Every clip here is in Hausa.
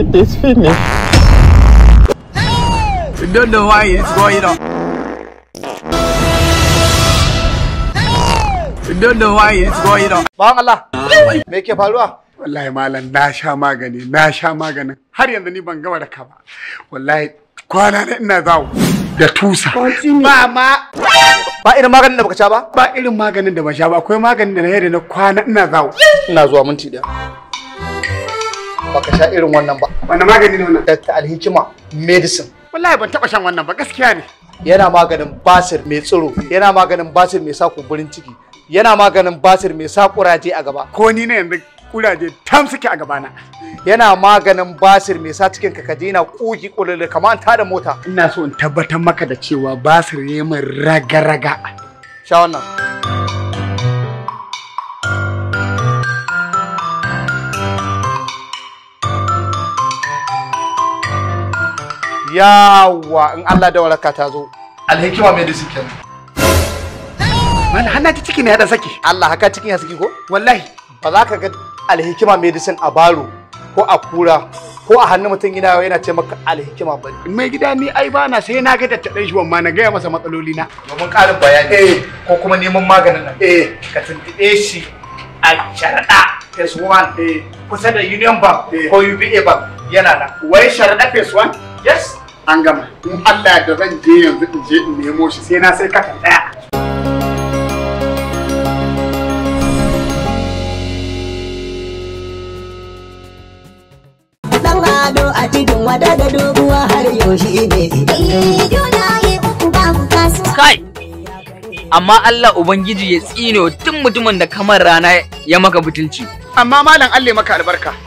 It is finished. We don't know why it's going on. We don't know why it's going on. Bang Allah, me ke faruwa? Wallahi malam na sha magani, na sha maganin. Har yanzu ni ban gama da ka ba. Wallahi kwana na ina zawo da tusa. Mama! Ba irin maganin da baka sha ba? Ba irin maganin da ban sha ba, akwai maganin da na yadda na kwana ina zawo. Ina zuwa minti ɗaya. baka sha irin wannan ba wannan magani ne wannan Dr. Alhikima medicine wallahi ban taba shan wannan ba gaskiya ne yana maganin basir mai tsiro yana maganin basir mai sa kumburin ciki yana maganin basir mai sa kuraje a gaba ko ni ne yanzu kuraje tam suke a gabana yana maganin basir mai sa cikin ka kaje na koki kamar ta da mota ina so in tabbatar maka da cewa basir ne min ragaraga. raga sha wannan yawa in Allah da waraka ta zo alhikima medicine kenan mana hana ta ciki ne ya saki Allah haka cikin ya saki ko wallahi ba za ka ga alhikima medicine a baro ko a kura ko a hannun mutum gida yana ce maka alhikima ba mai gida ni ai ba na sai na ga tattaɗin shi ma na gaya masa matsaloli na domin ƙarin bayani eh. ko kuma neman maganin nan eh ka tuntuɓe shi a sharaɗa phase 1 eh. kusa da union bank eh. ko uba bank yana nan wai sharaɗa phase 1 yes an gama in Allah da zan je yanzu in je in nemo shi sai na sai katan daya dan ado a da har yaushe ne kai amma Allah ubangiji ya tsino tun mutumin da kamar rana ya maka butulci amma malam Allah maka albarka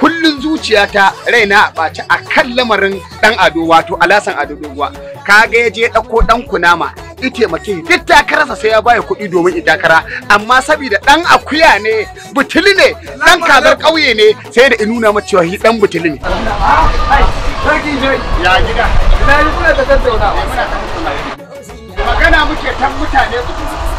kullun zuciyata raina a ɓaci a kan lamarin ɗan ado wato alasan ado doguwa kaga ya je ɗauko ɗan kunama ite mace duk takararsa sai ya baya kuɗi domin i takara amma saboda ɗan akuya ne butuli ne ɗan kazar ƙauye ne sai da inuna nuna mata cewa shi ɗan butuli ne. Ya gida. Ina kuna ta magana muke tan mutane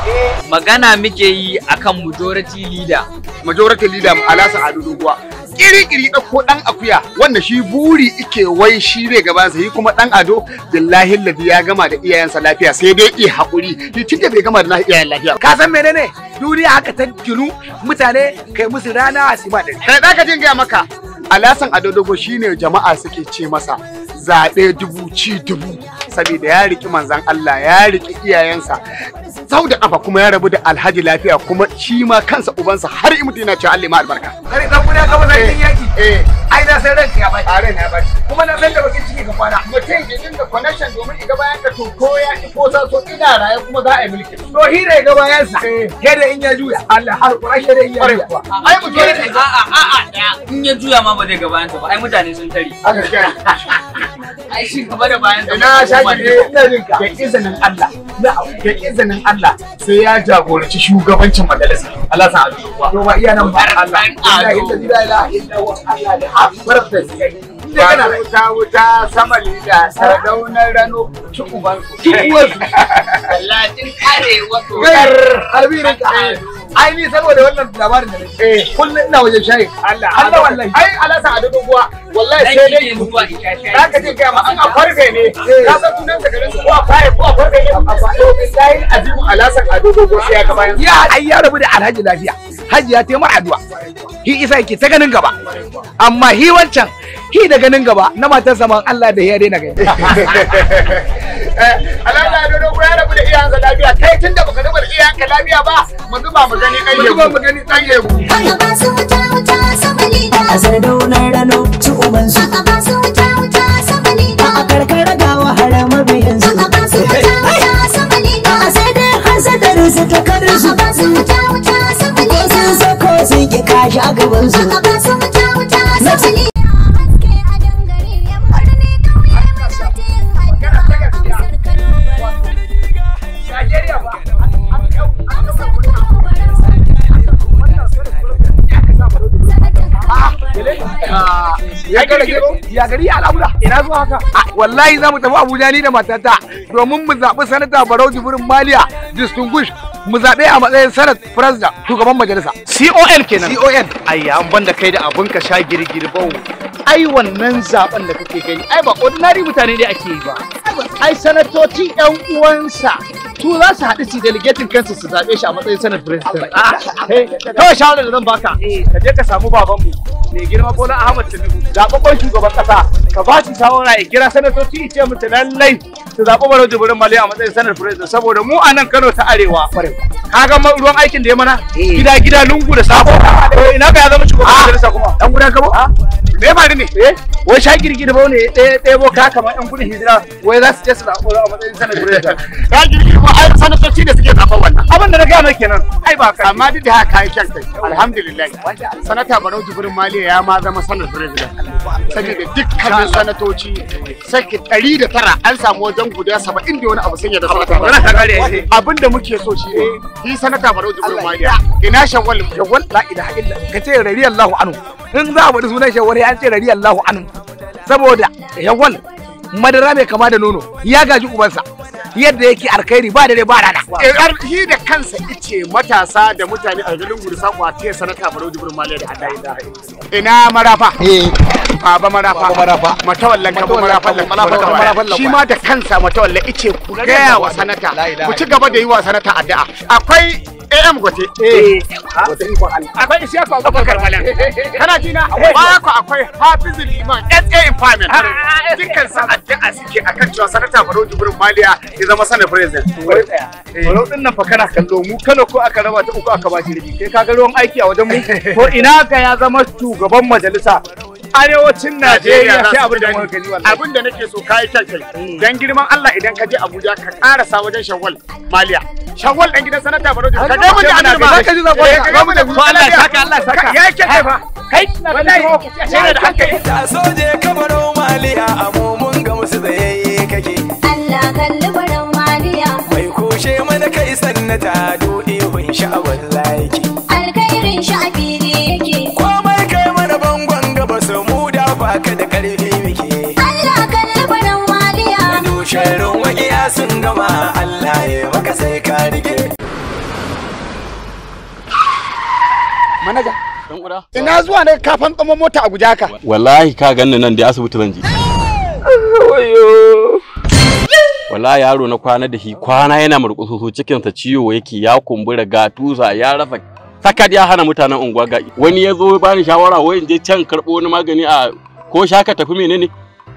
eh, magana muke yi akan majority leader majority leader alasa adu doguwa kiri-kiri ɗauko ɗan akuya wanda shi buri ike wai shi gaban sa, yi kuma ɗan ado billahi ladi ya gama da iyayensa lafiya sai dai iya haƙuri ni tunda bai gama da na iyayen lafiya ka san menene duniya haka ta ginu mutane kai musu rana a sima da kai jin gaya maka alasan ado dogo shine jama'a suke ce masa zaɓe dubu ci dubu saboda ya riki manzan Allah ya riki iyayensa sau da kafa kuma ya rabu da alhaji lafiya kuma shi ma kansa ubansa har imu yana cewa Allah ma albarka kare dan a ka bazan yin eh, yaki eh ai na san ranka ya bai a ran ya bai kuma na san da bakin ciki ka kwana mutum ya dinga connection domin iga bayan ka to ko ya ki ko sa so ina raye kuma za a yi mulki to hira ya ga bayan sa eh. ke da in ya juya Allah har kura da in ya juya ai mu ke a a a a in ya juya ma ba zai ga bayan sa ba ai mutane sun tare haka kai ai shi gaba da bayan sa ina shaki ne ina jinka da izinin Allah da izinin Allah sai ya jagoranci shugabancin majalisa Allah sa abu to ba iya nan ba Allah da sai wuta wuta sama lida sardaunar rano ci uban ci din ai ni saboda wannan labarin da nake eh. kullun ina wajen shayi Allah Allah wallahi ai alasa a dubu kuwa wallahi sai dai ku ruwa za ka je ga ma an afarbe ne eh. ka san sunan ka garin kuwa fa'i ko afarbe ne a fado sai azimu alasa a dubu kuwa sai ya bayan ya ai ya rabu da alhaji lafiya hajiya ta yi addu'a hi isa yake ta ganin gaba amma hi wancan hi da ganin gaba na matar zaman Allah da ya daina gani alhaji a dodo ya rabu kayan ka lafiya ba mu zuba mu gani kai mu mu gani dan lebu haka ba su wuta wuta sabali da a sardaunar rano su uban su haka ba su wuta wuta sabali da a karkara ga wahala mabiyan su haka ba su wuta wuta sabali da a sai dai hasadarin su ta karin su haka ba su wuta wuta sabali da sun sako sun ki kashi a gaban su haka ba su wuta ya kare ya gari ya ina zuwa haka wallahi zamu tafi Abuja ni da matata domin mu zaɓi sanata Barau Jibrin Maliya distinguish mu zaɓe a matsayin sanat president shugaban majalisa CON kenan CON ayya an banda kai da abun ka sha girgir bawo ai wannan zaben da kake gani ai ba ordinary mutane ne ake yi ba ai sanatoci yan uwansa su za su haɗu su delegating kansu su zaɓe shi a matsayin sanar president ah, kawai shawarar da zan baka ka je ka samu babanmu mai girma bola ahmad tinubu zaɓaɓɓen shugaban ƙasa ka ba shi shawara ya kira sanatoci ce mutu lallai su zaɓi baro jibirin mali a matsayin sanar president saboda mu a nan kano ta arewa ka ga ruwan aikin da ya mana eh. gida gida lungu da sabo ina ka ya zama shugaban ah. majalisa kuma dan gudan kabo ah. me ya faru ne eh wai sha girgir ba ne ɗaya ɗaya bo ka kamar yan gudun hijira wai za su je su zaɓo a matsayin sanar gureta ka girgir ba ai sanatoci da suke zaɓa wannan abin da na gaya mai kenan ai ba ka amma duk da haka yi kyan kai alhamdulillah sanata barau jibrin maliya ya ma zama sanar gureta saboda dukkanin sanatoci sake ɗari da tara an samu wajen guda saba'in da wani abu sanya da sanata abin da muke so shi ne yi sanata barau jibrin maliya ina shawwal shawwal la ilaha illa ka ce rariyallahu anu. in za a faɗi sunan shawari an ce rari Allahu anhu saboda yawal madara mai kama da nono ya gaji ubansa yadda yake alkhairi ba da ba rana eh, shi da kansa ice matasa da mutane a garin gudu sako a tiya sanata farau jibrin maliya da hadayi da ina eh. marafa baba marafa marafa matawallan kabo marafa marafa shi ma da kansa matawallan ice ku gaya wa sanata ku ci gaba da yi wa sanata addu'a akwai am gote eh. akwai ishaku abubakar malam kana ji na baya ku akwai hafizul iman ah, ah, ah, sa empowerment dukkan su addu'a suke akan cewa sanata barau jibrin maliya ya zama sana president eh. barau din nan fa kana kallo mu kano ko aka raba ta uku aka ba shi rabi kai kaga ruwan aiki a wajen mu ko ina ka ya zama shugaban majalisa arewacin Najeriya sai abin da muka gani wallahi abin da nake so kai kai kai mm. dan girman Allah idan ka je Abuja ka karasa wajen Shawwal Maliya Shawwal dan gidan sanata Barodi ka ga mun da Amir ba ka ji zako ka ga da Allah saka Allah saka ya yake kai fa kai wallahi sai da hankali ta ka baro Maliya amu mun ga musu tsayayye kake Allah kalli Baro Maliya ko she mana kai sannata do insha Allah yake alkhairin sha sharon makiya sun gama Allah ya maka sai ka rige manaja ina zuwa ne kafan tsamon mota a guja ka wallahi ka ganni nan da asibiti zan je wayo wallahi yaro na kwana da shi kwana yana murƙusoso cikinsa ciwo yake ya kumbura ga tusa ya rasa sakat ya hana mutanen unguwa ga wani ya zo bani shawara wai in je can karɓo wani magani a ko shaka tafi menene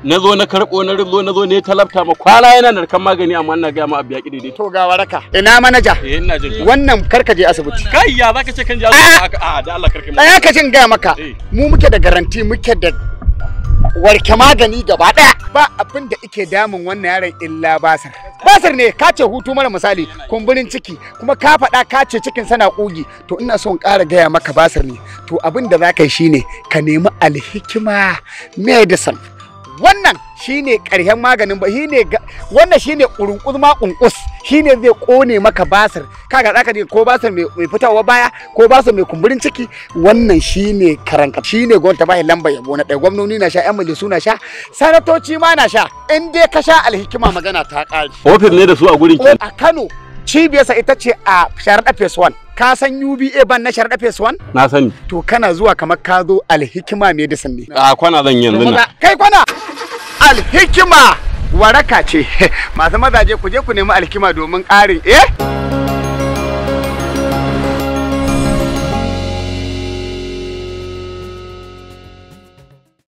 na zo na karɓo na rizo na zo ne talabta ma kwala yana narkan magani amma ina gaya ma abu yaƙi daidai. To ga waraka. Ina manaja. Eh ina jin Wannan karka je asibiti. Kai ya zaka ce kan je asibiti A'a! a da Allah karka. Tsaya ka jin gaya maka. Eh. Mu muke da garanti muke da warke magani gaba daya. Ba abin da ike damun wannan yaron illa basar. Basar ne ka ce hutu mara misali kumburin ciki kuma ka faɗa ka ce cikin sana ƙugi to ina son ƙara gaya maka basar ne to abin da za ka yi shine ka nemi alhikima medicine wannan shine ƙarshen maganin ba shine wannan shine kurunkus ma ƙunƙus shine zai kone maka basir kaga zaka ji ko basir mai fitawa baya ko basir mai kumburin ciki wannan shine karanka shine gwamnati ba lamba yabo na ɗaya gwamnoni na sha ƴan majalisu na sha sanatoci ma na sha in dai ka sha alhikima magana ta ƙare ofis ne da su a gurin a Kano cibiyarsa ita ce a sharaɗa phase 1 ka san UBA ban na sharaɗa phase 1 na sani to kana zuwa kamar ka zo alhikima medicine ne a kwana zan yanzu na kai kwana alhikima waraka ce masu mazaje ku je ku nemi alhikima domin ƙarin eh